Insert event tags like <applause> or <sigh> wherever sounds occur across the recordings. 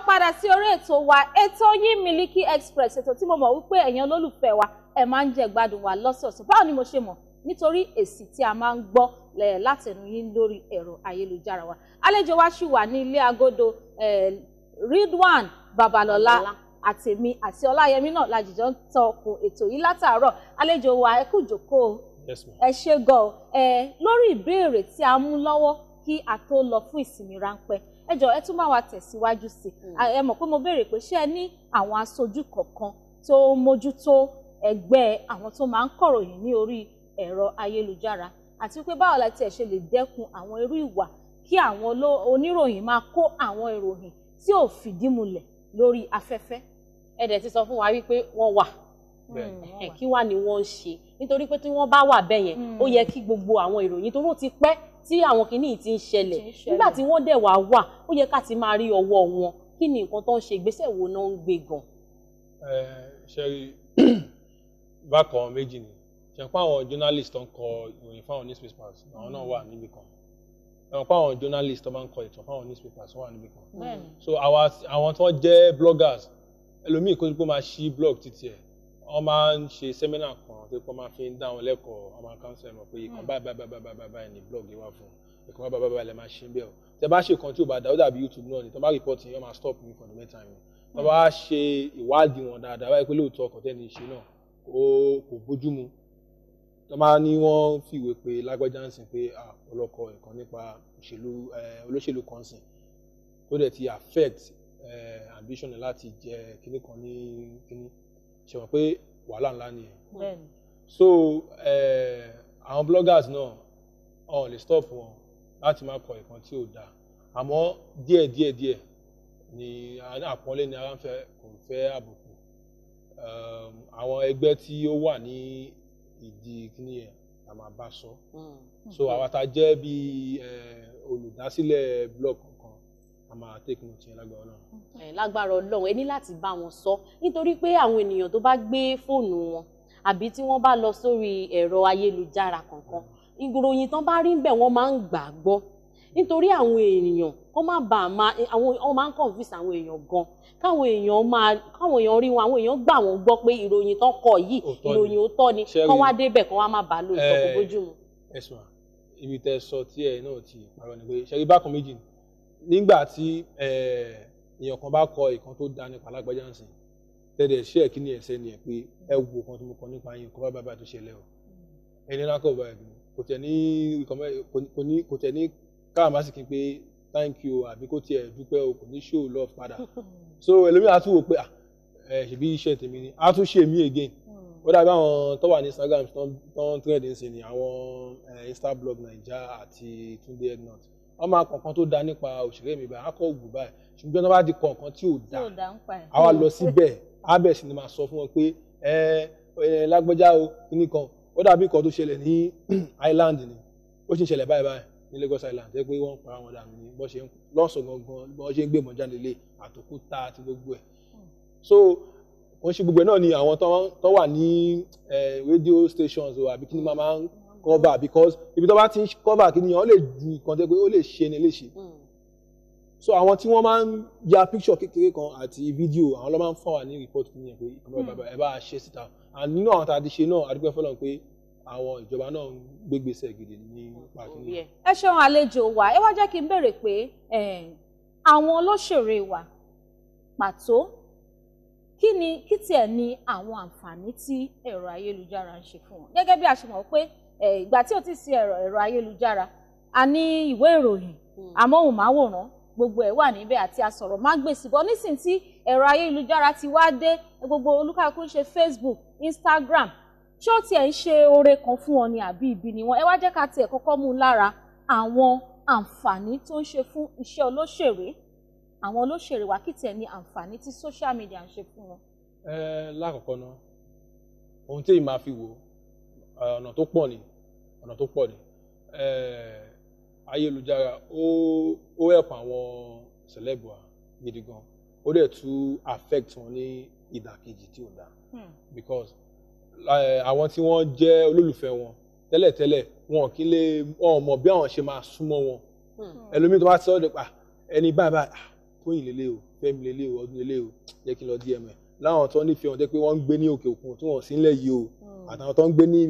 káàbọ̀ padà sí orí ètò wa ètò yín Miliki Express ètò tí mo mọ̀ wípé ẹ̀yin olólùfẹ́ wa ẹ̀ máa ń jẹ gbádùn wa lọ́sọ̀ọ̀sẹ̀ báwo ni mo ṣe mọ̀ nítorí èsì tí a máa ń gbọ́ látẹnu yín lórí ẹ̀rọ ayélujára wa àlejò wa ṣì wà ní ilé agodo Ridwan Babalọlá àtèmi àti Ọláyẹmí náà làjìjọ ń tọkùn ètò yìí látàárọ̀ àlejò wa ẹ kú jókòó ẹ ṣe gan lórí ìbéèrè tí a mú lọ́wọ́ kí a tó lọ fún ìsinmi ráńpẹ́ ẹ jọ̀ọ́ ẹ tún bá wa tẹ̀síwájú sí i hmm. ẹ mọ̀ pé mo béèrè pé ṣé ẹ ní àwọn aṣojú kọ̀ọ̀kan tó mójútó ẹgbẹ́ àwọn tó máa ń kọ̀ròyìn ní orí ẹ̀rọ ayélujára àti pé báwo la tiẹ̀ ṣe lè dẹ́kun àwọn irú ìwà kí àwọn oníròyìn máa kó àwọn ìròyìn tí ò fìdí múlẹ̀ lórí afẹ́fẹ́. ẹ dẹ̀ ti sọ fún wa wípé wọ́n wà kí wà ní wọ́n ń ṣe nítorí pé tí wọ́n bá wà bẹ́ẹ̀ yẹn hmm. ó yẹ kí gbogbo àwọn ìròyìn tó rò ti pẹ́ tí àwọn kìíní ti ń ṣẹlẹ̀ nígbà tí wọ́n dẹ̀ wá wà ó yẹ ká ti máa rí ọwọ́ wọn kí ni nǹkan tó ń ṣe ìgbésẹ̀ wo náà ń gbé gan. ẹ ṣe rí bákan méjì ni ṣe pé àwọn journalist tó ń kọ ìròyìn fáwọn newspapers àwọn náà wà níbì kan ẹ̀wọ̀n pé àwọn journalist tó máa ń kọ ìtàn fáwọn newspapers wà níbì kan so àwọn tó jẹ́ bloggers ẹlòmíì kó tó máa ṣí blog títí ẹ̀ wọ́n máa ń ṣe sẹ́mínà kan tó kọ́ máa fi ń dá wọn lẹ́kọ̀ọ́ ọmọ council mọ̀ pé ìkan hmm. báyìí báyìí báyìí báyìí báyìí ni blog yìí wà fún ìkan báyìí báyìí báyìí lè máa ṣe bẹ́ẹ̀ o tẹ bá ṣe kan tí ò bá dá ó dàbí YouTube náà ni tó bá report yẹn máa stop me for the next time tó bá hmm. ṣe ìwádìí wọn dáadáa wáyé pé lóòótọ́ ọkọ̀ tẹ́ni ṣe náà ó kò bójú mu tó bá ní wọ́n fìwé pé lágbájá ń sìn pé ọlọ́kọ̀ nǹkan nípa òṣèlú olóṣèlú kan sìn tó dẹ̀ ti affect ambition láti jẹ kíní kan ní kíní ṣe mọ̀ pé wàhálà ńlá ni so àwọn bloggers náà wọn ò lè stop wọn láti máa kọ ìkan tí ò dáa àmọ́ díẹ̀ díẹ̀ díẹ̀ ni àpọ́nlé ni ara ń fẹ́ kò fẹ́ àbùkù àwọn ẹgbẹ́ tí ó wà ní ìdí kíní yẹn la máa bá sọ hmm. so àwa ta jẹ́ bí olùdásílẹ̀ blog kan a máa take note yẹn lágbára ọlọ́run. lágbára ọlọ́run ẹ ní láti bá wọn sọ nítorí pé àwọn ènìyàn tó bá gbé fóònù wọn àbí tí wọ́n bá lọ sórí ẹ̀rọ ayélujára kankan ìròyìn tán bá rí ń bẹ̀ wọ́n máa ń gbàgbọ́ nítorí àwọn èèyàn kó má bàa máa àwọn wọ́n máa ń confuse àwọn èèyàn gan káwọn èèyàn máa káwọn èèyàn rí wọn àwọn èèyàn gbà wọ́n gbọ́ pé ìròyìn tán kọ yìí ìròyìn òótọ́ ni kán wá débẹ̀ kán wá má bàa lóòótọ́ kó bójú mu. ẹ̀sùn ibi tẹ́ sọ tí ẹ náà ti parọ́ ni pé ṣẹ́rí bákan méjì ni nígbà eh, èèyàn kan bá kọ ìkan tó da nípa ń sìn tẹ̀lé ṣé kí ni ẹ̀sẹ̀ ni ẹ̀ pé ẹ wo kan tí mo kọ nípa yín kọ́ bá bàbá tó ṣẹlẹ̀ o ẹni náà kọ̀ bá ẹ̀ dùn kò tẹ̀ ní káàmásìkì pé thank you àbí kò tiẹ̀ dúpẹ́ o kò ní show love padà <laughs> so ẹlòmíràn á tún wò pé ah ẹ ṣèbí iṣẹ́ tèmi ni a tún again hmm. ó dàbí àwọn tó wà ní Instagram tó ń trend ń sìn ní àwọn eh, Insta blog Naija àti Tunde Ednut wọ́n máa kọ nǹkan tó da nípa òṣèré mi báyìí akọ ògùn báyìí ṣùgbọ́n wọ́n bá di kọ nǹkan tí ò da àwa lọ síbẹ̀ abẹ́ sì ni máa sọ fún wọn pé ẹ lágbẹ́já o kíní kan ó dàbí nǹkan tó ṣẹlẹ̀ ní <clears throat> island ni ó sì ń ṣẹlẹ̀ báyìí báyìí ní Lagos Island jẹ́ pé wọ́n para wọn dànù ní bọ́ ṣe ń lọ́sọ̀ gangan bọ́ ṣe ń gbé mọ́jà nílé àtòkúta àti gbogbo ẹ̀ so wọ́n ṣe gbogbo ẹ̀ náà ni àwọn tó wà ní rédíò stations o àbí kí ni máa máa ń cover because ibi tó bá ti ń cover kí nìyẹn ó lè ju nǹkan tó pé ó lè ṣe ni léṣe hmm. so àwọn tí wọ́n máa ń ya picture kékeré kan àti fídíò àwọn ló máa ń fún wa ní report kí nìyẹn pé ẹ bá hmm. ṣe síta and nínú àwọn tá a ti ṣe náà a dúpẹ́ fọlọ́n pé àwọn ìjọba náà ń gbégbèsè gidi ní pàtó náà. ẹ ṣeun àlejò wa ẹ wá jẹ́ kí n béèrè pé eh, àwọn olóṣèré wa pàtó kí ni kí tiẹ̀ ni àwọn àǹfààní tí ẹ̀rọ ayélujára ń ṣe fún wọn gẹ́gẹ́ bí a ṣe mọ̀ pé ìgbà tí ò ti sí ẹ̀rọ ẹ̀rọ ayélujára a ní ìwé ìròyìn hmm. amóhùnmáwòrán gbogbo ẹ̀ wà níbẹ̀ àti asọ̀rọ̀mágbèsì bọ́ nísìnyí tí ẹ̀rọ ayélujára ti wá dé gbogbo olúkàkú ń ṣe Facebook Instagram ṣé ó tiẹ̀ ń ṣe oore kan fún wọn ni àbí ibi ni wọn ẹ wá jẹ́ ká tiẹ̀ kọ́kọ́ mú lára àwọn àǹfààní tó ń ṣe fún iṣẹ́ olóṣèré àwọn olóṣèré wa kí tiẹ̀ ní àǹfààní tí social media ń ṣe fún wọn. ẹ lákọ̀ọ́kọ́ náà ohun tí èyí máa fi wò ọ̀nà tó pọ̀ ni ọ̀nà tó pọ̀ ni ayélujára ó ó help àwọn celeb gidi gan ó dẹ̀ tún affect wọn ní ìdàkejì tí ò dáa hmm. because àwọn tí wọ́n jẹ́ olólùfẹ́ wọn tẹ́lẹ̀tẹ́lẹ̀ wọn kì í lè wọn mọ̀ bí àwọn ṣe máa súnmọ́ wọn hmm. ẹlòmíì tó bá sọ ọ́ dẹ̀ ẹni báyìí báyìí Tóyìn lélẹ̀ o Fẹ́mi lélẹ̀ o Ọdún lélẹ̀ o jẹ́ kí n lọ DM ẹ̀ láwọn tó nífẹ̀ẹ́ wọn jẹ́ pé wọ́n ń gbé ní òkè òkun tí wọ́n sì ń lẹ̀ yìí o hmm. àtàwọn tó ń gbé ní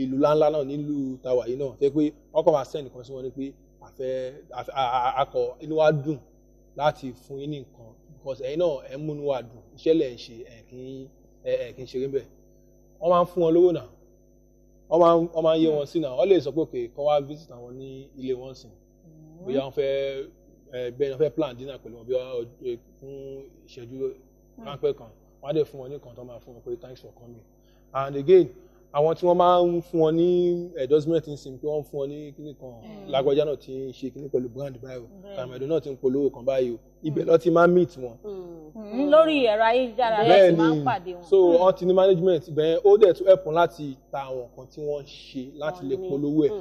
ìlú ńláńlá náà nílùú tàwa yìí náà jẹ́ pé wọ́n kọ́ máa send nǹkan sí wọn ni pé àfẹ́ akọ inú wa dùn láti fún yín ní nǹkan because ẹ̀yin náà ẹ̀ ń múnú wa dùn iṣẹ́ lẹ̀ ń ṣe ẹ̀ kì í ṣeré bẹ́ẹ̀ wọ́n máa ń fún wọn lówó náà wọ́n máa ń yé wọn sí náà wọ́n lè sọ pé kò kọ́ wá visit àwọn ní ilé wọn sìn hmm. bóyá wọ́n fẹ́ẹ́ ẹgbẹ́ eh, ní wọ́n fẹ́ plan dinner pẹ̀lú wọn bí wọ́n eh, fún ìṣẹ́jú hmm. ránpẹ́ kan wọ́n á dẹ̀ fún wọn ní kan tó máa fún wọn pé thanks for coming and again àwọn tí wọ́n máa ń fún wọn ní endorsement nsìn pé wọ́n fún wọn ní kíní kan hmm. lágbájá náà ti ń ṣe kíní pẹ̀lú brand báyìí o kàmẹ́dù náà ti ń polówó kan báyìí o ibẹ̀ lọ́ ti máa ń meet wọn. Hmm. lórí ẹ̀rọ ayélujára rẹ̀ ti máa ń pàdé wọn. so wọ́n ti ní management bẹ́ẹ̀ ó dẹ̀ tún help wọn láti ta àwọn nǹkan tí wọ́n ń ṣe láti lè polówó ẹ̀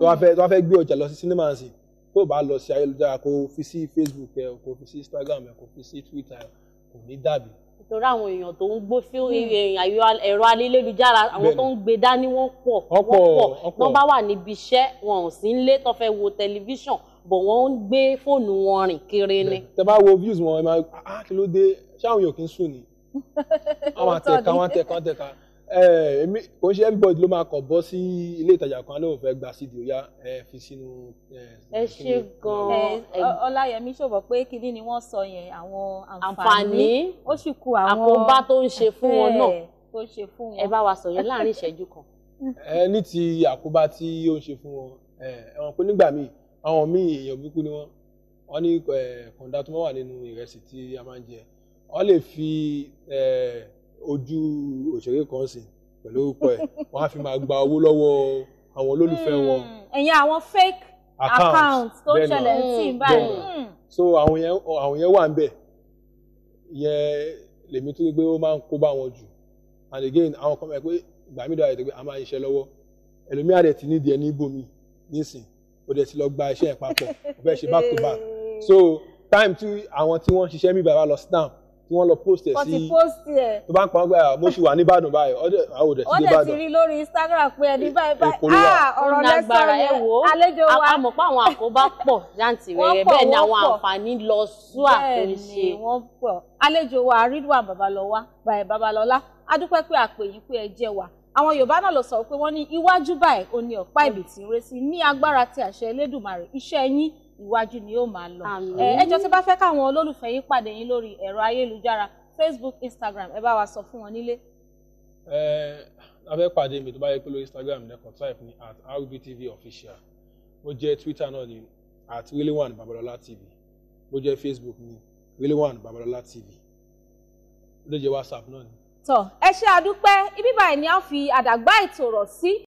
tó wá fẹ́ gbé ọjà lọ sí cinema nsìn tó bá lọ sí ayélujára kó fi sí facebook ẹ kó fi sí instagram ẹ kó fi sí twitter ẹ kò ní dàbí. nítorí àwọn èèyàn tó ń gbó hmm. ẹ̀rọ alélujára àwọn tó ń gbé dání wọ́n pọ̀ wọ́n pọ̀ wọ́n bá wà níbi iṣẹ́ wọn ò sí nílé tó fẹ́ wo tẹlifíṣàn bọ̀ wọ́n ń gbé fóònù wọn rìn kiri ni. tẹ bá wo views wọn ẹ máa ah kí ló dé ṣáwọn yòókì ń sùn ni àwọn <laughs> àtẹ̀ka wọn àtẹ̀ka àtẹ̀ka èmi kò ń ṣe everybody ló máa kàn bọ́ sí ilé ìtajà kan lóun fẹ́ gba sídi ó yá ẹ fi sínú. ẹ ṣe gan-an ọláyẹmí ṣòbọ̀ pé kínní ni wọ́n sọ yẹn àwọn àǹfààní ó sì ku àwọn àkóbá tó ń ṣe fún wọn náà tó ṣe fún wọn ẹ bá wa sọ̀rọ̀ láàrin ìṣẹ́jú kan. ẹ ní ti àkóbá tí ó ń ṣe fún wọn ẹwọn pé nígbà míì àwọn míì èèyàn burúkú ni wọn wọn ní kọńdà tó máa wà nínú ìrẹsì tí a máa ń jẹ wọn lè fi. Eh, ojú òṣèré kan sí pẹ̀lú orúkọ ẹ̀ wọ́n á fi máa gba owó lọ́wọ́ àwọn olólùfẹ́ hmm. wọn. ẹ̀yin àwọn fake accounts, tó ṣẹlẹ̀ ń tì hmm. báyìí. Hmm. so àwọn yẹn àwọn yẹn wà ń bẹ̀ yẹn lèmi tó gbé ó máa ń kó bá wọn jù and again àwọn kan mọ̀ pé ìgbà mi dọ̀rọ̀ ìdẹ́gbẹ́ a máa ń ṣiṣẹ́ lọ́wọ́ ẹlòmíà dẹ̀ ti nídìí ẹ ní ibòmí nísìn ó dẹ̀ ti lọ gba iṣẹ́ ẹ̀ papọ̀ ó fẹ́ ṣe back to back so time tí àwọn tí wọ́n ń ṣiṣẹ́ mi bàbá lọ stamp tí wọ́n lọ post ẹ̀ sí. wọ́n ti post ẹ̀. tó bá ń pọn gbà ah, mo ṣì wà nìbàdàn báyìí ọdẹ àwọn òdẹ ti dé bàdàn. wọ́n dẹ̀ ti rí lórí Instagram pé ẹni báyìí báyìí ah, ọ̀rọ̀ lẹ́sọ̀rọ̀ ẹ̀ wò ó àlejò wa. a mọ̀ pé àwọn àkóbá pọ̀ jàǹtìrẹrẹ bẹ́ẹ̀ ni àwọn àǹfààní lọ sún àkóńṣe. àlejò wa Ridwan Babalọlá báyìí Babalọlá adúpẹ́ pé àpè yín pé ẹ jẹ́ wa àwọn Yorùbá náà lọ sọ pé wọ́n ní iwájú báyìí ó ní ọ̀pá ìbìtì rẹ̀ sí ní agbára ti àṣẹ Elédùmarè iṣẹ́ yín iwájú ni yóò máa lọ ẹ jọ̀ọ́ tí bá fẹ́ káwọn olólùfẹ́ yín pàdé yín lórí ẹ̀rọ ayélujára Facebook Instagram ẹ bá wa sọ fún wọn nílé. ẹ abẹ́ pàdé mi tó bá yẹ pé lórí Instagram lẹ́kọ̀ọ́ type ni at RBTV official mo jẹ́ Twitter náà ni at reallyone babalola tv mo jẹ́ Facebook ni reallyone babalola tv ló jẹ́ WhatsApp náà ni. tọ ẹ ṣe àdúpẹ́ ibi ni a fi àdàgbà ètò rọ̀ sí.